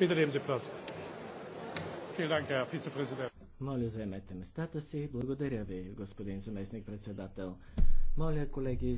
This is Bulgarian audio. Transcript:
Bitte nehmen Sie Platz. Vielen Dank, Herr Vizepräsident. Моля, заемете местата си. Благодаря ви, господин заместник-председател. Моля, колеги,